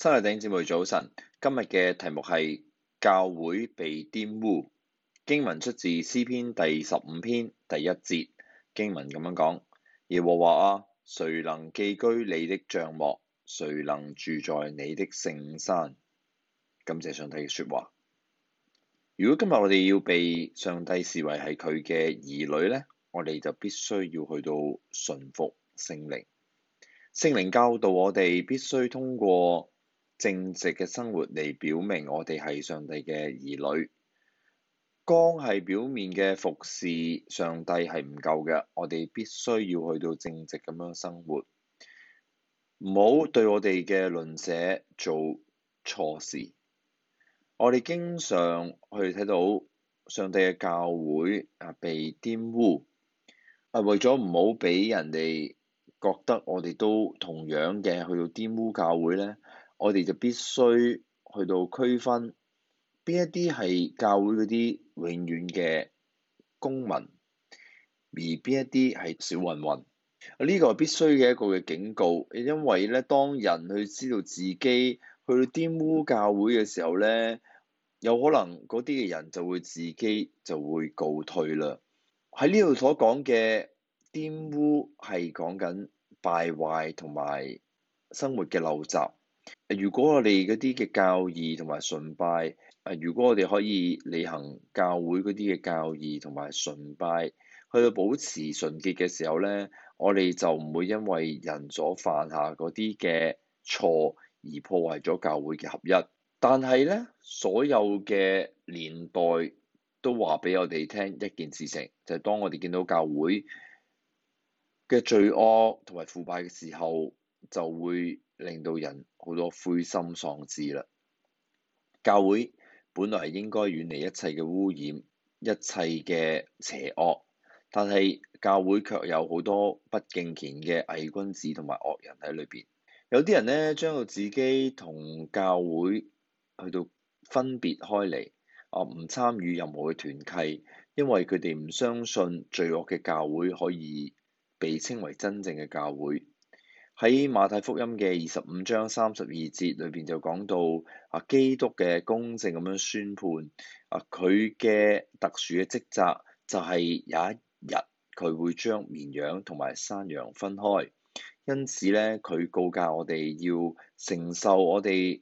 新嚟頂姐妹早晨，今日嘅題目係教會被玷污，經文出自詩篇第十五篇第一節，經文咁樣講：耶和華啊，誰能寄居你的帳幕？誰能住在你的聖山？感謝上帝嘅說話。如果今日我哋要被上帝視為係佢嘅兒女呢，我哋就必須要去到順服聖靈，聖靈教導我哋必須通過。正直嘅生活嚟表明我哋係上帝嘅兒女，光係表面嘅服侍上帝係唔夠嘅，我哋必須要去到正直咁樣生活，唔好對我哋嘅鄰舍做錯事。我哋經常去睇到上帝嘅教會啊被玷污，啊為咗唔好俾人哋覺得我哋都同樣嘅去到玷污教會咧。我哋就必須去到區分邊一啲係教會嗰啲永遠嘅公民，而邊一啲係小混混。呢個係必須嘅一個嘅警告，因為咧，當人去知道自己去到玷污教會嘅時候咧，有可能嗰啲嘅人就會自己就會告退啦。喺呢度所講嘅玷污係講緊敗壞同埋生活嘅陋習。如果我哋嗰啲嘅教義同埋純拜，啊！如果我哋可以履行教會嗰啲嘅教義同埋純拜，去到保持純潔嘅時候咧，我哋就唔會因為人所犯下嗰啲嘅錯而破壞咗教會嘅合一。但係咧，所有嘅年代都話俾我哋聽一件事情，就係當我哋見到教會嘅罪惡同埋腐敗嘅時候，就會令到人好多灰心喪志啦！教會本來應該遠離一切嘅污染、一切嘅邪惡，但係教會卻有好多不敬虔嘅偽君子同埋惡人喺裏邊。有啲人呢，將到自己同教會去到分別開嚟，啊唔參與任何嘅團契，因為佢哋唔相信罪惡嘅教會可以被稱為真正嘅教會。喺馬太福音嘅二十五章三十二節裏邊就講到啊，基督嘅公正咁樣宣判啊，佢嘅特殊嘅職責就係有一日佢會將綿羊同埋山羊分開，因此咧佢告誡我哋要承受我哋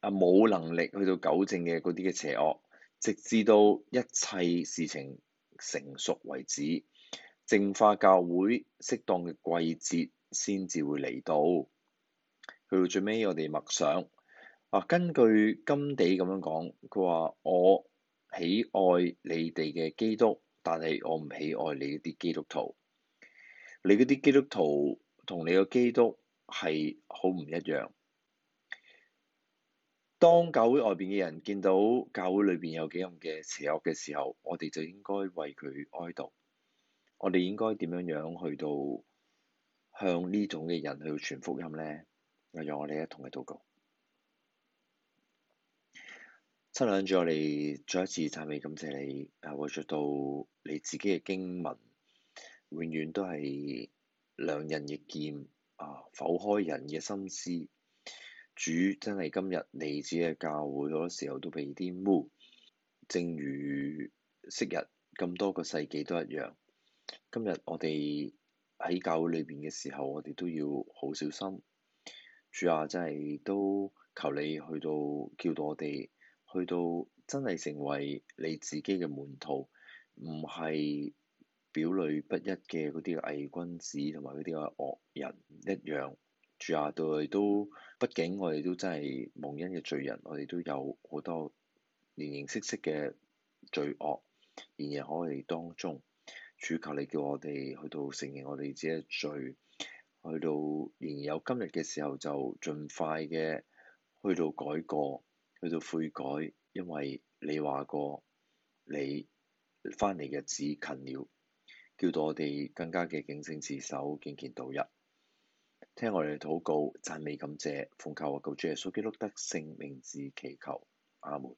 啊冇能力去到糾正嘅嗰啲嘅邪惡，直至到一切事情成熟為止，淨化教會適當嘅季節。先至會嚟到，去到最尾，我哋默想。啊，根據甘地咁樣講，佢話我喜愛你哋嘅基督，但係我唔喜愛你啲基督徒。你嗰啲基督徒同你個基督係好唔一樣。當教會外邊嘅人見到教會裏邊有幾咁嘅邪惡嘅時候，我哋就應該為佢哀悼。我哋應該點樣樣去到，向呢種嘅人去傳福音咧，啊！讓我哋一同去禱告。七跟住我哋再一次讚美感謝你，啊！為著到你自己嘅經文，永遠都係兩刃嘅劍啊！剖開人嘅心思，主，真係今日你自己嘅教會好多時候都被玷污，正如昔日咁多個世紀都一樣。今日我哋。喺教會裏邊嘅時候，我哋都要好小心。主啊，真係都求你去到叫到我哋去到真係成為你自己嘅門徒，唔係表裏不一嘅嗰啲偽君子同埋嗰啲惡人一樣。主啊，對，都畢竟我哋都真係蒙恩嘅罪人，我哋都有好多形形色色嘅罪惡，然而喺我哋當中。主，求你叫我哋去到承認我哋自己罪，去到仍有今日嘅時候，就盡快嘅去到改過，去到悔改，因為你話過你翻嚟嘅日子近了，叫到我哋更加嘅警醒自守、敬虔度日。聽我哋嘅禱告，讚美感謝，奉求我救主耶穌基督得勝名字祈求，阿門。